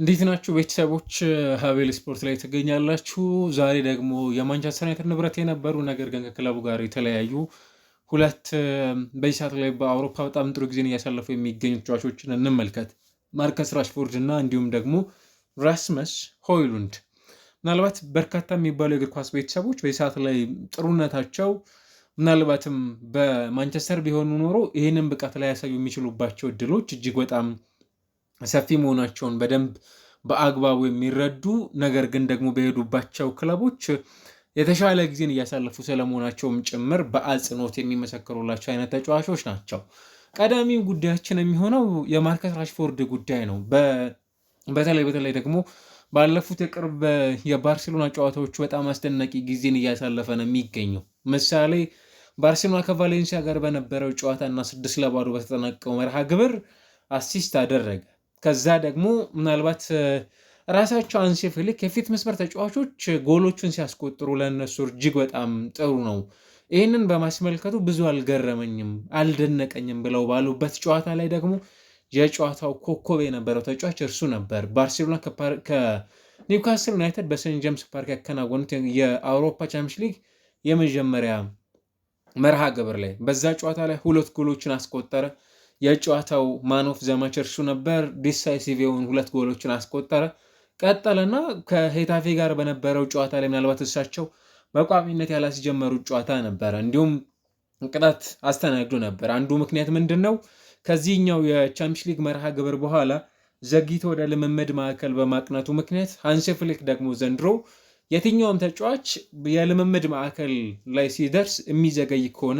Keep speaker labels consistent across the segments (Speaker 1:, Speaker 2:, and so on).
Speaker 1: እንዴት ናችሁ ቤተሰቦች? ሀቤል ስፖርት ላይ ትገኛላችሁ። ዛሬ ደግሞ የማንቸስተር ዩናይትድ ንብረት የነበሩ ነገር ግን ከክለቡ ጋር የተለያዩ ሁለት በዚህ ሰዓት ላይ በአውሮፓ በጣም ጥሩ ጊዜን እያሳለፉ የሚገኙ ተጫዋቾችን እንመልከት። ማርከስ ራሽፎርድ እና እንዲሁም ደግሞ ራስመስ ሆይሉንድ። ምናልባት በርካታ የሚባሉ የእግር ኳስ ቤተሰቦች በዚህ ሰዓት ላይ ጥሩነታቸው ምናልባትም በማንቸስተር ቢሆኑ ኖሮ ይህንን ብቃት ላይ ያሳዩ የሚችሉባቸው እድሎች እጅግ በጣም ሰፊ መሆናቸውን በደንብ በአግባቡ የሚረዱ ነገር ግን ደግሞ በሄዱባቸው ክለቦች የተሻለ ጊዜን እያሳለፉ ስለመሆናቸውም ጭምር በአጽንኦት የሚመሰክሩላቸው አይነት ተጫዋቾች ናቸው። ቀዳሚው ጉዳያችን የሚሆነው የማርከስ ራሽፎርድ ጉዳይ ነው። በተለይ በተለይ ደግሞ ባለፉት የቅርብ የባርሴሎና ጨዋታዎቹ በጣም አስደናቂ ጊዜን እያሳለፈ ነው የሚገኘው። ምሳሌ ባርሴሎና ከቫሌንሲያ ጋር በነበረው ጨዋታና ስድስት ለባዶ በተጠናቀው መርሃ ግብር አሲስት አደረገ። ከዛ ደግሞ ምናልባት ራሳቸው አንሴ ፍሊክ የፊት መስመር ተጫዋቾች ጎሎቹን ሲያስቆጥሩ ለእነሱ እጅግ በጣም ጥሩ ነው። ይህንን በማስመልከቱ ብዙ አልገረመኝም፣ አልደነቀኝም ብለው ባሉበት ጨዋታ ላይ ደግሞ የጨዋታው ኮከብ የነበረው ተጫዋች እርሱ ነበር። ባርሴሎና ከኒውካስል ዩናይትድ በሴንት ጀምስ ፓርክ ያከናወኑት የአውሮፓ ቻምፒዮንስ ሊግ የመጀመሪያ መርሃ ግብር ላይ በዛ ጨዋታ ላይ ሁለት ጎሎችን አስቆጠረ። የጨዋታው ማን ኦፍ ዘ እርሱ ነበር። ዲሳይሲቭ የሆኑ ሁለት ጎሎችን አስቆጠረ። ቀጠለና ከሄታፌ ጋር በነበረው ጨዋታ ላይ ምናልባት እሳቸው በቋሚነት ያላስጀመሩት ጨዋታ ነበረ። እንዲሁም ቅጣት አስተናግዶ ነበር። አንዱ ምክንያት ምንድን ነው? ከዚህኛው የቻምፒየንስ ሊግ መርሃ ግብር በኋላ ዘግይቶ ወደ ልምምድ ማዕከል በማቅናቱ ምክንያት ሃንሲ ፍሊክ ደግሞ ዘንድሮ የትኛውም ተጫዋች የልምምድ ማዕከል ላይ ሲደርስ የሚዘገይ ከሆነ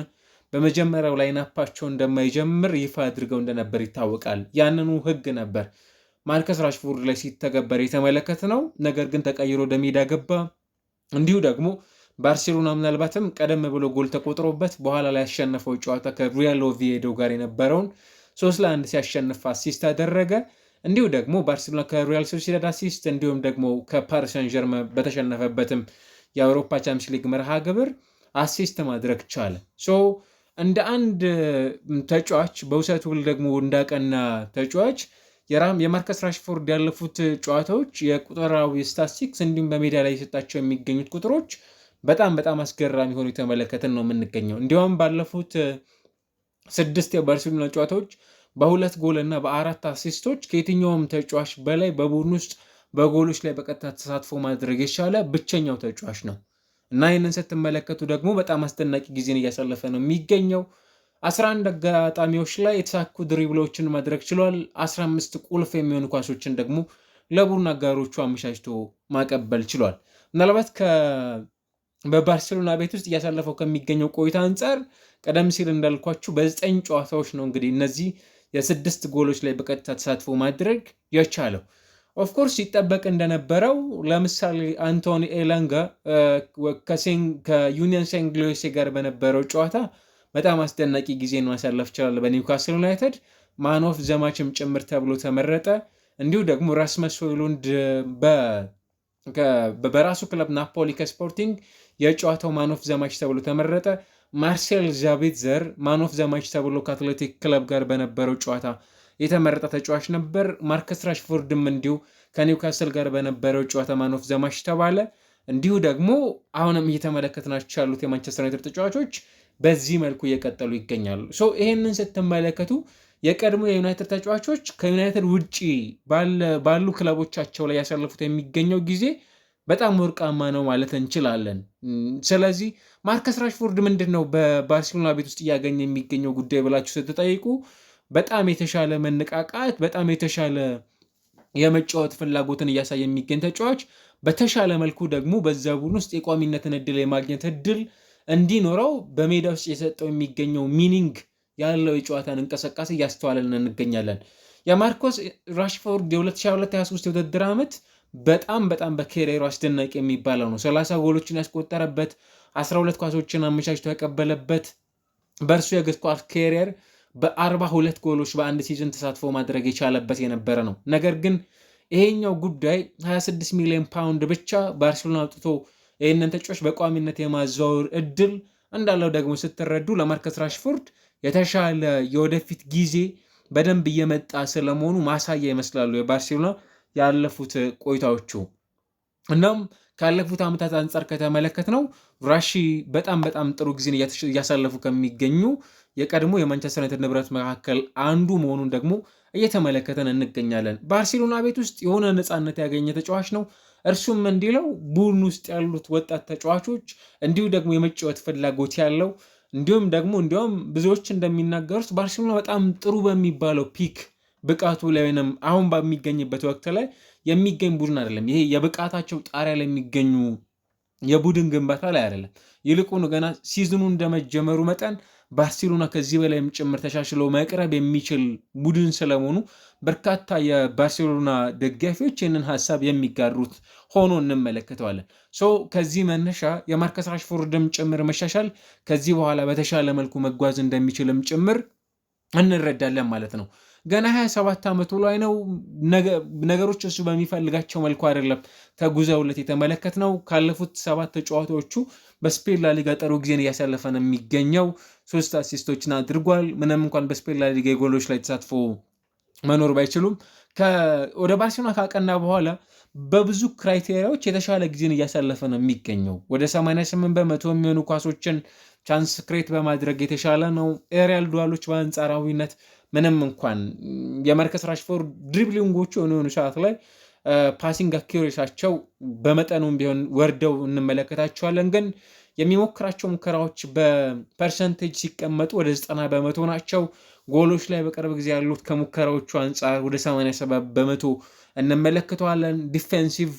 Speaker 1: በመጀመሪያው ላይናፓቸው እንደማይጀምር ይፋ አድርገው እንደነበር ይታወቃል። ያንኑ ህግ ነበር ማርከስ ራሽፎርድ ላይ ሲተገበር የተመለከት ነው። ነገር ግን ተቀይሮ ወደ ሜዳ ገባ። እንዲሁ ደግሞ ባርሴሎና ምናልባትም ቀደም ብሎ ጎል ተቆጥሮበት በኋላ ላይ ያሸነፈው ጨዋታ ከሪያል ኦቪዬዶ ጋር የነበረውን ሶስት ለአንድ ሲያሸንፍ አሲስት አደረገ። እንዲሁ ደግሞ ባርሴሎና ከሪያል ሶሲዳድ አሲስት እንዲሁም ደግሞ ከፓሪስ ጀርመ በተሸነፈበትም የአውሮፓ ቻምፒዮንስ ሊግ መርሃ ግብር አሲስት ማድረግ ቻለ። እንደ አንድ ተጫዋች በውሰት ውል ደግሞ እንዳቀና ተጫዋች የራም የማርከስ ራሽፎርድ ያለፉት ጨዋታዎች የቁጠራዊ ስታስቲክስ እንዲሁም በሜዳ ላይ የሰጣቸው የሚገኙት ቁጥሮች በጣም በጣም አስገራሚ ሆኑ የተመለከትን ነው የምንገኘው። እንዲሁም ባለፉት ስድስት የባርሴሎና ጨዋታዎች በሁለት ጎል እና በአራት አሲስቶች ከየትኛውም ተጫዋች በላይ በቡድን ውስጥ በጎሎች ላይ በቀጥታ ተሳትፎ ማድረግ የቻለ ብቸኛው ተጫዋች ነው። እና ይህንን ስትመለከቱ ደግሞ በጣም አስደናቂ ጊዜን እያሳለፈ ነው የሚገኘው። 11 አጋጣሚዎች ላይ የተሳኩ ድሪብሎችን ማድረግ ችሏል። 15 ቁልፍ የሚሆኑ ኳሶችን ደግሞ ለቡድን አጋሮቹ አመቻችቶ ማቀበል ችሏል። ምናልባት በባርሴሎና ቤት ውስጥ እያሳለፈው ከሚገኘው ቆይታ አንጻር ቀደም ሲል እንዳልኳችሁ በዘጠኝ ጨዋታዎች ነው እንግዲህ እነዚህ የስድስት ጎሎች ላይ በቀጥታ ተሳትፎ ማድረግ የቻለው። ኦፍኮርስ ይጠበቅ እንደነበረው ለምሳሌ አንቶኒ ኤላንጋ ከዩኒየን ሴንት ጋር በነበረው ጨዋታ በጣም አስደናቂ ጊዜን ማሳለፍ ይችላል። በኒውካስል ዩናይትድ ማን ኦፍ ዘማችም ጭምር ተብሎ ተመረጠ። እንዲሁ ደግሞ ራስመስ ሆይሉንድ በራሱ ክለብ ናፖሊ ከስፖርቲንግ የጨዋታው ማን ኦፍ ዘማች ተብሎ ተመረጠ። ማርሴል ዛቤትዘር ማን ኦፍ ዘማች ተብሎ ከአትሌቲክ ክለብ ጋር በነበረው ጨዋታ የተመረጠ ተጫዋች ነበር። ማርከስ ራሽፎርድም እንዲሁ ከኒውካስል ጋር በነበረው ጨዋታ ማኖፍ ዘማሽ ተባለ። እንዲሁ ደግሞ አሁንም እየተመለከትናቸው ያሉት የማንቸስተር ዩናይትድ ተጫዋቾች በዚህ መልኩ እየቀጠሉ ይገኛሉ። ሶ ይህንን ስትመለከቱ የቀድሞ የዩናይትድ ተጫዋቾች ከዩናይትድ ውጭ ባሉ ክለቦቻቸው ላይ ያሳለፉት የሚገኘው ጊዜ በጣም ወርቃማ ነው ማለት እንችላለን። ስለዚህ ማርከስ ራሽፎርድ ምንድን ነው በባርሴሎና ቤት ውስጥ እያገኘ የሚገኘው ጉዳይ ብላችሁ ስትጠይቁ በጣም የተሻለ መነቃቃት፣ በጣም የተሻለ የመጫወት ፍላጎትን እያሳየ የሚገኝ ተጫዋች በተሻለ መልኩ ደግሞ በዛ ቡድን ውስጥ የቋሚነትን እድል የማግኘት እድል እንዲኖረው በሜዳ ውስጥ የሰጠው የሚገኘው ሚኒንግ ያለው የጨዋታን እንቅስቃሴ እያስተዋለን እንገኛለን። የማርኮስ ራሽፎርድ የ2022/23 የውድድር ዓመት በጣም በጣም በኬሬሮ አስደናቂ የሚባለው ነው። 30 ጎሎችን ያስቆጠረበት፣ 12 ኳሶችን አመቻችቶ ያቀበለበት በእርሱ የእግር ኳስ ኬሪየር በአርባ ሁለት ጎሎች በአንድ ሲዝን ተሳትፎ ማድረግ የቻለበት የነበረ ነው። ነገር ግን ይሄኛው ጉዳይ 26 ሚሊዮን ፓውንድ ብቻ ባርሴሎና አውጥቶ ይህንን ተጫዋች በቋሚነት የማዘዋወር እድል እንዳለው ደግሞ ስትረዱ ለማርከስ ራሽፎርድ የተሻለ የወደፊት ጊዜ በደንብ እየመጣ ስለመሆኑ ማሳያ ይመስላሉ የባርሴሎና ያለፉት ቆይታዎቹ። እናም ካለፉት ዓመታት አንጻር ከተመለከት ነው ራሺ በጣም በጣም ጥሩ ጊዜን እያሳለፉ ከሚገኙ የቀድሞ የማንቸስተር ዩናይትድ ንብረት መካከል አንዱ መሆኑን ደግሞ እየተመለከተን እንገኛለን። ባርሴሎና ቤት ውስጥ የሆነ ነፃነት ያገኘ ተጫዋች ነው። እርሱም እንዲለው ቡድን ውስጥ ያሉት ወጣት ተጫዋቾች እንዲሁ ደግሞ የመጫወት ፍላጎት ያለው እንዲሁም ደግሞ እንዲሁም ብዙዎች እንደሚናገሩት ባርሴሎና በጣም ጥሩ በሚባለው ፒክ ብቃቱ ላይ ወይም አሁን በሚገኝበት ወቅት ላይ የሚገኝ ቡድን አይደለም። ይሄ የብቃታቸው ጣሪያ ላይ የሚገኙ የቡድን ግንባታ ላይ አይደለም። ይልቁኑ ገና ሲዝኑ እንደመጀመሩ መጠን ባርሴሎና ከዚህ በላይም ጭምር ተሻሽሎ መቅረብ የሚችል ቡድን ስለመሆኑ በርካታ የባርሴሎና ደጋፊዎች ይህንን ሀሳብ የሚጋሩት ሆኖ እንመለከተዋለን። ሶ ከዚህ መነሻ የማርከስ ራሽፎርድም ጭምር መሻሻል ከዚህ በኋላ በተሻለ መልኩ መጓዝ እንደሚችልም ጭምር እንረዳለን ማለት ነው። ገና 27 ዓመቱ ላይ ነው። ነገሮች እሱ በሚፈልጋቸው መልኩ አይደለም ተጉዘውለት የተመለከት ነው። ካለፉት ሰባት ተጫዋቾቹ በስፔን ላሊጋ ጥሩ ጊዜን እያሳለፈ ነው የሚገኘው። ሶስት አሲስቶችን አድርጓል። ምንም እንኳን በስፔን ላሊጋ የጎሎች ላይ ተሳትፎ መኖር ባይችሉም ወደ ባርሴሎና ካቀና በኋላ በብዙ ክራይቴሪያዎች የተሻለ ጊዜን እያሳለፈ ነው የሚገኘው። ወደ 88 በመቶ የሚሆኑ ኳሶችን ቻንስ ክሬት በማድረግ የተሻለ ነው። ኤሪያል ዱዋሎች በአንጻራዊነት ምንም እንኳን የማርከስ ራሽፎርድ ድሪብሊንጎቹ የሆኑ ሰዓት ላይ ፓሲንግ አኪሬሳቸው በመጠኑም ቢሆን ወርደው እንመለከታቸዋለን ግን የሚሞክራቸው ሙከራዎች በፐርሰንቴጅ ሲቀመጡ ወደ 90 በመቶ ናቸው። ጎሎች ላይ በቅርብ ጊዜ ያሉት ከሙከራዎቹ አንጻር ወደ 87 በመቶ እንመለከተዋለን። ዲፌንሲቭ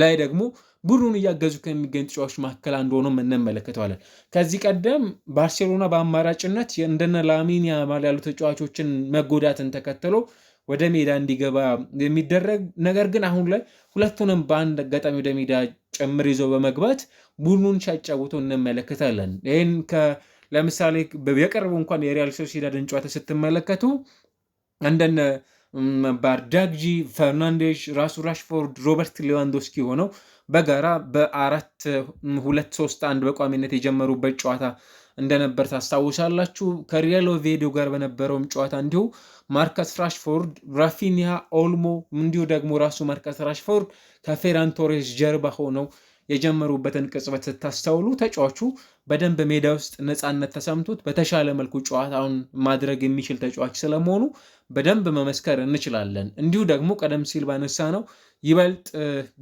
Speaker 1: ላይ ደግሞ ቡድኑን እያገዙ ከሚገኝ ተጫዋች መካከል አንዱ ሆኖም እንመለከተዋለን። ከዚህ ቀደም ባርሴሎና በአማራጭነት እንደነ ላሚን ያማል ያሉ ተጫዋቾችን መጎዳትን ተከትሎ ወደ ሜዳ እንዲገባ የሚደረግ ነገር ግን አሁን ላይ ሁለቱንም በአንድ አጋጣሚ ወደ ሜዳ ጭምር ይዞ በመግባት ቡድኑን ሲያጫውቱ እንመለከታለን። ይህን ለምሳሌ የቅርቡ እንኳን የሪያል ሶሲዳድን ጨዋታ ስትመለከቱ እንደነ ባርዳግጂ፣ ፈርናንዴሽ፣ ራሱ ራሽፎርድ፣ ሮበርት ሌዋንዶስኪ ሆነው በጋራ በአራት ሁለት ሶስት አንድ በቋሚነት የጀመሩበት ጨዋታ እንደነበር ታስታውሳላችሁ። ከሪያል ኦቬዶ ጋር በነበረውም ጨዋታ እንዲሁ ማርከስ ራሽፎርድ፣ ራፊኒያ፣ ኦልሞ እንዲሁ ደግሞ ራሱ ማርከስ ራሽፎርድ ከፌራን ቶሬስ ጀርባ ሆነው የጀመሩበትን ቅጽበት ስታስተውሉ ተጫዋቹ በደንብ ሜዳ ውስጥ ነፃነት ተሰምቶት በተሻለ መልኩ ጨዋታውን ማድረግ የሚችል ተጫዋች ስለመሆኑ በደንብ መመስከር እንችላለን። እንዲሁ ደግሞ ቀደም ሲል ባነሳ ነው ይበልጥ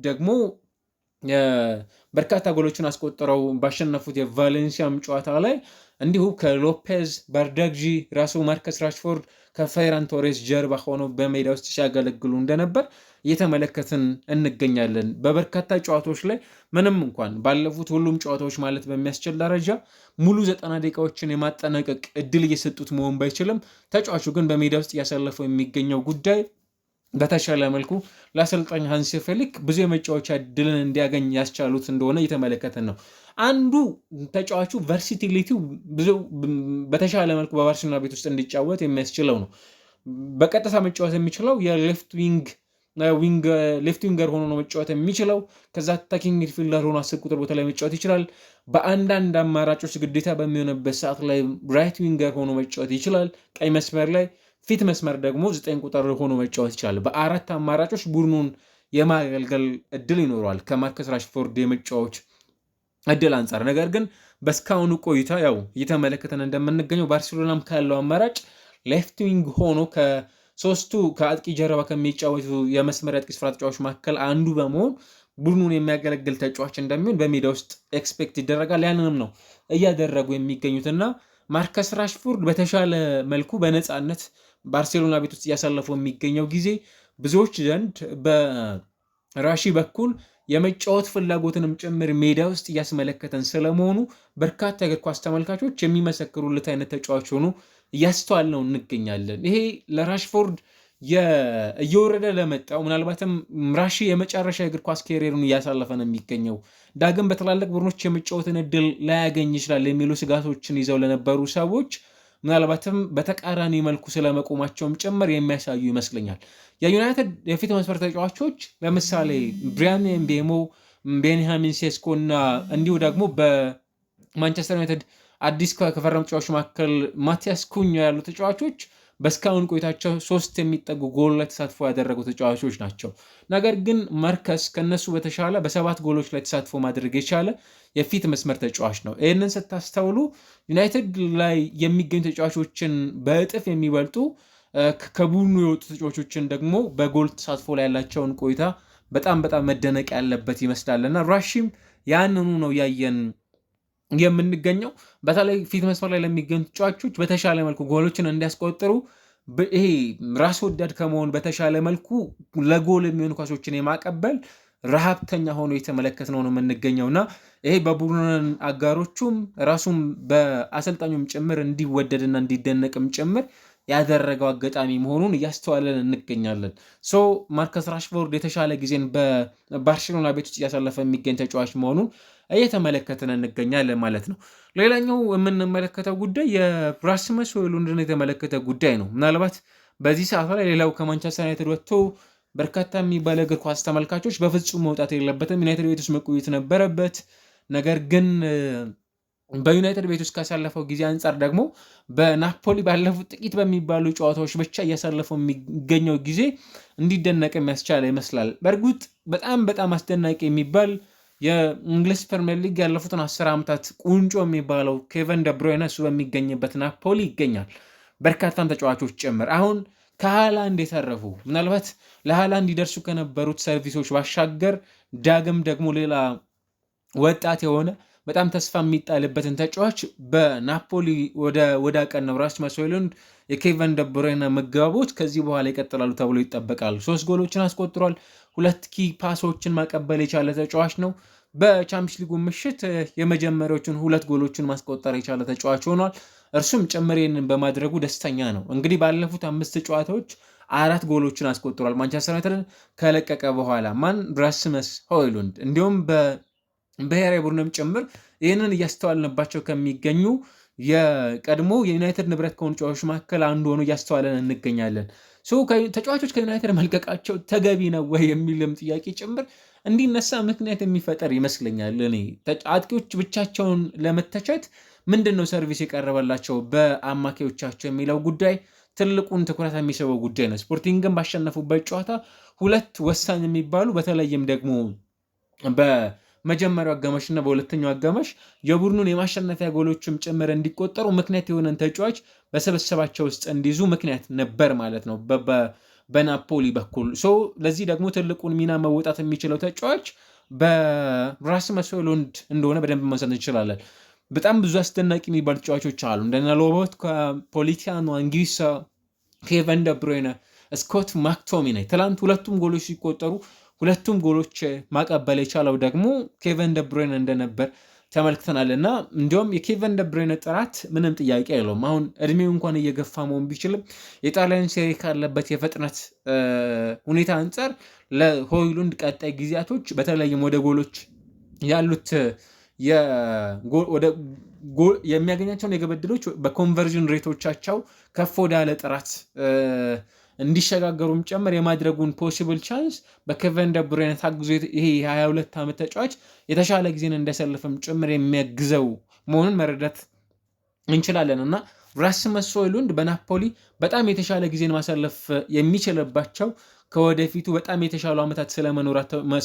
Speaker 1: ደግሞ በርካታ ጎሎችን አስቆጥረው ባሸነፉት የቫሌንሲያም ጨዋታ ላይ እንዲሁ ከሎፔዝ ባርዳግዢ ራሱ ማርከስ ራሽፎርድ ከፈይራን ቶሬስ ጀርባ ሆኖ በሜዳ ውስጥ ሲያገለግሉ እንደነበር እየተመለከትን እንገኛለን። በበርካታ ጨዋታዎች ላይ ምንም እንኳን ባለፉት ሁሉም ጨዋታዎች ማለት በሚያስችል ደረጃ ሙሉ ዘጠና ደቂቃዎችን የማጠናቀቅ እድል እየሰጡት መሆን ባይችልም ተጫዋቹ ግን በሜዳ ውስጥ እያሳለፈው የሚገኘው ጉዳይ በተሻለ መልኩ ለአሰልጣኝ ሃንሲ ፌሊክ ብዙ የመጫወቻ ድልን እንዲያገኝ ያስቻሉት እንደሆነ እየተመለከተን ነው። አንዱ ተጫዋቹ ቨርሲቲሊቲው ብዙ በተሻለ መልኩ በባርሴሎና ቤት ውስጥ እንዲጫወት የሚያስችለው ነው። በቀጥታ መጫወት የሚችለው የሌፍት ዊንግ ሌፍት ዊንገር ሆኖ ነው መጫወት የሚችለው። ከዛ አታኪንግ ሚድፊልደር ሆኖ አስር ቁጥር ቦታ ላይ መጫወት ይችላል። በአንዳንድ አማራጮች ግዴታ በሚሆንበት ሰዓት ላይ ራይት ዊንገር ሆኖ መጫወት ይችላል። ቀይ መስመር ላይ ፊት መስመር ደግሞ ዘጠኝ ቁጥር ሆኖ መጫወት ይችላል። በአራት አማራጮች ቡድኑን የማገልገል እድል ይኖረዋል ከማርከስ ራሽፎርድ የመጫወች እድል አንጻር። ነገር ግን በስካሁኑ ቆይታ ያው እየተመለከተን እንደምንገኘው ባርሴሎናም ካለው አማራጭ ሌፍት ዊንግ ሆኖ ከሶስቱ ከአጥቂ ጀርባ ከሚጫወቱ የመስመር አጥቂ ስፍራ ተጫዋች መካከል አንዱ በመሆን ቡድኑን የሚያገለግል ተጫዋች እንደሚሆን በሜዳ ውስጥ ኤክስፔክት ይደረጋል። ያንንም ነው እያደረጉ የሚገኙትና ማርከስ ራሽፎርድ በተሻለ መልኩ በነፃነት ባርሴሎና ቤት ውስጥ እያሳለፈው የሚገኘው ጊዜ ብዙዎች ዘንድ በራሺ በኩል የመጫወት ፍላጎትንም ጭምር ሜዳ ውስጥ እያስመለከተን ስለመሆኑ በርካታ የእግር ኳስ ተመልካቾች የሚመሰክሩለት አይነት ተጫዋች ሆኖ ነው እንገኛለን። ይሄ ለራሽፎርድ እየወረደ ለመጣው ምናልባትም ራሺ የመጨረሻ የእግር ኳስ ኬሪየሩን እያሳለፈ ነው የሚገኘው። ዳግም በትላልቅ ቡድኖች የመጫወትን እድል ላያገኝ ይችላል የሚሉ ስጋቶችን ይዘው ለነበሩ ሰዎች ምናልባትም በተቃራኒ መልኩ ስለመቆማቸውም ጭምር የሚያሳዩ ይመስለኛል። የዩናይትድ የፊት መስመር ተጫዋቾች ለምሳሌ ብሪያን ምቤሞ፣ ቤንያሚን ሴስኮ እና እንዲሁ ደግሞ በማንቸስተር ዩናይትድ አዲስ ከፈረሙ ተጫዋቾች መካከል ማቲያስ ኩኛ ያሉ ተጫዋቾች በእስካሁን ቆይታቸው ሶስት የሚጠጉ ጎል ላይ ተሳትፎ ያደረጉ ተጫዋቾች ናቸው። ነገር ግን መርከስ ከነሱ በተሻለ በሰባት ጎሎች ላይ ተሳትፎ ማድረግ የቻለ የፊት መስመር ተጫዋች ነው። ይህንን ስታስተውሉ ዩናይትድ ላይ የሚገኙ ተጫዋቾችን በእጥፍ የሚበልጡ ከቡድኑ የወጡ ተጫዋቾችን ደግሞ በጎል ተሳትፎ ላይ ያላቸውን ቆይታ በጣም በጣም መደነቅ ያለበት ይመስላል እና ራሺም ያንኑ ነው ያየን የምንገኘው በተለይ ፊት መስመር ላይ ለሚገኙ ተጫዋቾች በተሻለ መልኩ ጎሎችን እንዲያስቆጥሩ ይሄ ራስ ወዳድ ከመሆን በተሻለ መልኩ ለጎል የሚሆኑ ኳሶችን የማቀበል ረሃብተኛ ሆኖ የተመለከትነው ነው የምንገኘው እና ይሄ በቡድን አጋሮቹም ራሱም በአሰልጣኙም ጭምር እንዲወደድና እንዲደነቅም ጭምር ያደረገው አጋጣሚ መሆኑን እያስተዋለን እንገኛለን። ሶ ማርከስ ራሽፎርድ የተሻለ ጊዜን በባርሴሎና ቤት ውስጥ እያሳለፈ የሚገኝ ተጫዋች መሆኑን እየተመለከተን እንገኛለን ማለት ነው። ሌላኛው የምንመለከተው ጉዳይ የራስመስ ሆይሉንድን የተመለከተ ጉዳይ ነው። ምናልባት በዚህ ሰዓት ላይ ሌላው ከማንቸስተር ዩናይትድ ወጥቶ በርካታ የሚባለ እግር ኳስ ተመልካቾች በፍጹም መውጣት የለበትም፣ ዩናይትድ ቤት ውስጥ መቆየት ነበረበት። ነገር ግን በዩናይትድ ቤት ውስጥ ካሳለፈው ጊዜ አንጻር ደግሞ በናፖሊ ባለፉት ጥቂት በሚባሉ ጨዋታዎች ብቻ እያሳለፈው የሚገኘው ጊዜ እንዲደነቅ የሚያስቻለ ይመስላል። በእርግጥ በጣም በጣም አስደናቂ የሚባል የእንግሊዝ ፕሪምየር ሊግ ያለፉትን አስር ዓመታት ቁንጮ የሚባለው ኬቨን ደብሮይነ እሱ በሚገኝበት ናፖሊ ይገኛል። በርካታም ተጫዋቾች ጭምር አሁን ከሃላንድ የተረፉ ምናልባት ለሃላንድ ይደርሱ ከነበሩት ሰርቪሶች ባሻገር ዳግም ደግሞ ሌላ ወጣት የሆነ በጣም ተስፋ የሚጣልበትን ተጫዋች በናፖሊ ወደ አቀናው ራስመስ ሆይሉንድ የኬቨን ደብሮይና መገባቦች ከዚህ በኋላ ይቀጥላሉ ተብሎ ይጠበቃል። ሶስት ጎሎችን አስቆጥሯል። ሁለት ኪ ፓሶችን ማቀበል የቻለ ተጫዋች ነው። በቻምፒዮንስ ሊጉ ምሽት የመጀመሪያዎቹን ሁለት ጎሎችን ማስቆጠር የቻለ ተጫዋች ሆኗል። እርሱም ጭምሬንን በማድረጉ ደስተኛ ነው። እንግዲህ ባለፉት አምስት ጨዋታዎች አራት ጎሎችን አስቆጥሯል። ማንቸስተር ዩናይትድን ከለቀቀ በኋላ ማን ራስመስ ሆይሉንድ እንዲሁም ብሔራዊ ቡድንም ጭምር ይህንን እያስተዋልንባቸው ከሚገኙ የቀድሞ የዩናይትድ ንብረት ከሆኑ ተጫዋቾች መካከል አንዱ ሆኖ እያስተዋለን እንገኛለን። ተጫዋቾች ከዩናይትድ መልቀቃቸው ተገቢ ነው ወይ የሚልም ጥያቄ ጭምር እንዲነሳ ምክንያት የሚፈጠር ይመስለኛል። እኔ አጥቂዎች ብቻቸውን ለመተቸት ምንድን ነው ሰርቪስ የቀረበላቸው በአማካዮቻቸው የሚለው ጉዳይ ትልቁን ትኩረት የሚስበው ጉዳይ ነው። ስፖርቲንግን ባሸነፉበት ጨዋታ ሁለት ወሳኝ የሚባሉ በተለይም ደግሞ መጀመሪያው አጋማሽ እና በሁለተኛው አጋማሽ የቡድኑን የማሸነፊያ ጎሎችም ጭምር እንዲቆጠሩ ምክንያት የሆነን ተጫዋች በሰበሰባቸው ውስጥ እንዲይዙ ምክንያት ነበር ማለት ነው በናፖሊ በኩል ሶ ለዚህ ደግሞ ትልቁን ሚና መወጣት የሚችለው ተጫዋች በራስመስ ሆይሉንድ እንደሆነ በደንብ ማንሳት እንችላለን። በጣም ብዙ አስደናቂ የሚባሉ ተጫዋቾች አሉ እንደነ ሎቦtka፣ ፖሊቲያኖ፣ አንጊሳ፣ ኬቨን ደብሮይነ፣ ስኮት ማክቶሚናይ ትላንት ሁለቱም ጎሎች ሲቆጠሩ ሁለቱም ጎሎች ማቀበል የቻለው ደግሞ ኬቨን ደብሮይን እንደነበር ተመልክተናል እና እንዲሁም የኬቨን ደብሮይን ጥራት ምንም ጥያቄ የለውም። አሁን እድሜው እንኳን እየገፋ መሆን ቢችልም የጣሊያን ሴሪ ካለበት የፍጥነት ሁኔታ አንጻር ለሆይሉንድ ቀጣይ ጊዜያቶች በተለይም ወደ ጎሎች ያሉት የሚያገኛቸውን የግብ ዕድሎች በኮንቨርዥን ሬቶቻቸው ከፍ ወዳለ ጥራት እንዲሸጋገሩም ጨምር የማድረጉን ፖሲብል ቻንስ በኬቨን ደብሮይነ ታግዞ ይሄ የ22 ዓመት ተጫዋች የተሻለ ጊዜን እንደሰልፍም ጭምር የሚያግዘው መሆኑን መረዳት እንችላለን እና ራስመስ ሆይሉንድ በናፖሊ በጣም የተሻለ ጊዜን ማሳለፍ የሚችልባቸው ከወደፊቱ በጣም የተሻሉ ዓመታት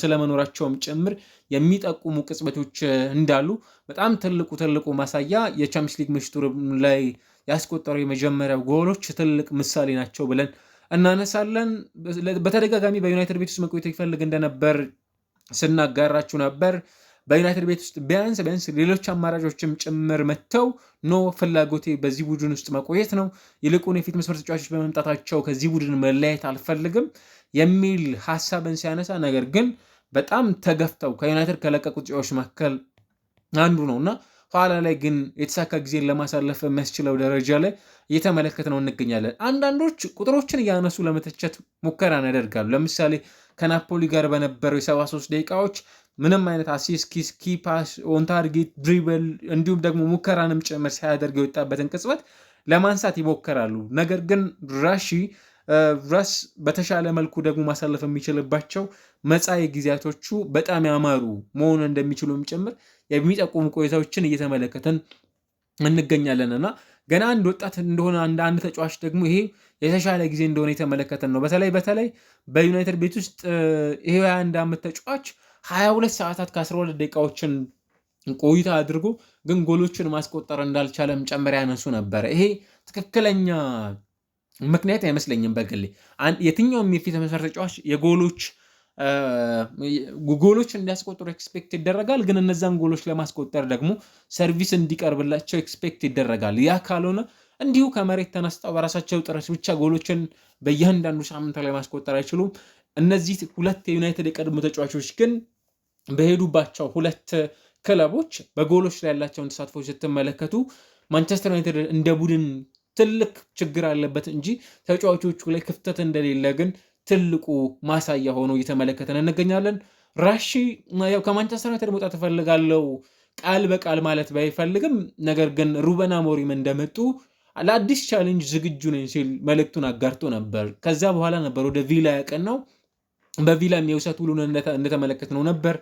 Speaker 1: ስለመኖራቸውም ጭምር የሚጠቁሙ ቅጽበቶች እንዳሉ በጣም ትልቁ ትልቁ ማሳያ የቻምስሊግ ሊግ ምሽቱ ላይ ያስቆጠረው የመጀመሪያው ጎሎች ትልቅ ምሳሌ ናቸው ብለን እናነሳለን። በተደጋጋሚ በዩናይትድ ቤት ውስጥ መቆየት ይፈልግ እንደነበር ስናጋራችሁ ነበር። በዩናይትድ ቤት ውስጥ ቢያንስ ቢያንስ ሌሎች አማራጮችም ጭምር መጥተው ኖ ፍላጎቴ በዚህ ቡድን ውስጥ መቆየት ነው፣ ይልቁን የፊት መስመር ተጫዋቾች በመምጣታቸው ከዚህ ቡድን መለያየት አልፈልግም የሚል ሀሳብን ሲያነሳ፣ ነገር ግን በጣም ተገፍተው ከዩናይትድ ከለቀቁት ተጫዋቾች መካከል አንዱ ነው እና ኋላ ላይ ግን የተሳካ ጊዜን ለማሳለፍ የሚያስችለው ደረጃ ላይ እየተመለከት ነው እንገኛለን። አንዳንዶች ቁጥሮችን እያነሱ ለመተቸት ሙከራን ያደርጋሉ። ለምሳሌ ከናፖሊ ጋር በነበረው የ73 ደቂቃዎች ምንም አይነት አሲስት፣ ኪስ፣ ኪፓስ፣ ኦንታርጌት፣ ድሪበል እንዲሁም ደግሞ ሙከራንም ጭምር ሳያደርግ የወጣበትን ቅጽበት ለማንሳት ይሞከራሉ። ነገር ግን ራሺ ራስ በተሻለ መልኩ ደግሞ ማሳለፍ የሚችልባቸው መጻኢ ጊዜያቶቹ በጣም ያማሩ መሆን እንደሚችሉም ጭምር የሚጠቁሙ ቆይታዎችን እየተመለከተን እንገኛለን እና ገና አንድ ወጣት እንደሆነ አንድ አንድ ተጫዋች ደግሞ ይሄ የተሻለ ጊዜ እንደሆነ የተመለከተን ነው። በተለይ በተለይ በዩናይትድ ቤት ውስጥ ይሄ አንድ ዓመት ተጫዋች 22 ሰዓታት ከአስራ ሁለት ደቂቃዎችን ቆይታ አድርጎ ግን ጎሎችን ማስቆጠር እንዳልቻለም ጨምር ያነሱ ነበረ። ይሄ ትክክለኛ ምክንያት አይመስለኝም። በግሌ የትኛውም የፊት መስመር ተጫዋች የጎሎች ጎሎች እንዲያስቆጥሩ ኤክስፔክት ይደረጋል። ግን እነዛን ጎሎች ለማስቆጠር ደግሞ ሰርቪስ እንዲቀርብላቸው ኤክስፔክት ይደረጋል። ያ ካልሆነ እንዲሁ ከመሬት ተነስተው በራሳቸው ጥረት ብቻ ጎሎችን በእያንዳንዱ ሳምንት ላይ ማስቆጠር አይችሉም። እነዚህ ሁለት የዩናይትድ የቀድሞ ተጫዋቾች ግን በሄዱባቸው ሁለት ክለቦች በጎሎች ላይ ያላቸውን ተሳትፎች ስትመለከቱ ማንቸስተር ዩናይትድ እንደ ቡድን ትልቅ ችግር አለበት እንጂ ተጫዋቾቹ ላይ ክፍተት እንደሌለ ግን ትልቁ ማሳያ ሆኖ እየተመለከተን እንገኛለን። ራሺ ከማንቸስተር ዩናይትድ መውጣት እፈልጋለሁ ቃል በቃል ማለት ባይፈልግም ነገር ግን ሩበን አሞሪም እንደመጡ ለአዲስ ቻሌንጅ ዝግጁ ነኝ ሲል መልእክቱን አጋርጦ ነበር። ከዚያ በኋላ ነበር ወደ ቪላ ያቀናው። በቪላም የውሰት ውሉን እንደተመለከትነው ነበር።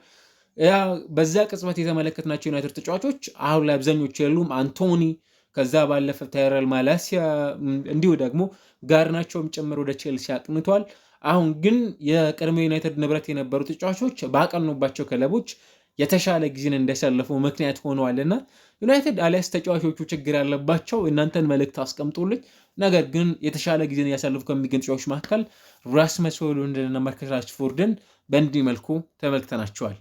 Speaker 1: ያ በዛ ቅጽበት የተመለከትናቸው ዩናይትድ ተጫዋቾች አሁን ላይ አብዛኞቹ የሉም። አንቶኒ ከዛ ባለፈ ታይረል ማላሲያ እንዲሁ ደግሞ ጋርናቸውም ጭምር ወደ ቼልሲ አቅንቷል። አሁን ግን የቀድሞ ዩናይትድ ንብረት የነበሩ ተጫዋቾች ባቀኑባቸው ክለቦች የተሻለ ጊዜን እንደሰለፉ ምክንያት ሆነዋልና ዩናይትድ አሊያስ ተጫዋቾቹ ችግር ያለባቸው እናንተን መልእክት አስቀምጡልኝ። ነገር ግን የተሻለ ጊዜን እያሳልፉ ከሚገኝ ተጫዋቾች መካከል ራስመስ ሆይሉንድንና ማርከስ ራሽፎርድን በእንዲህ መልኩ ተመልክተናቸዋል።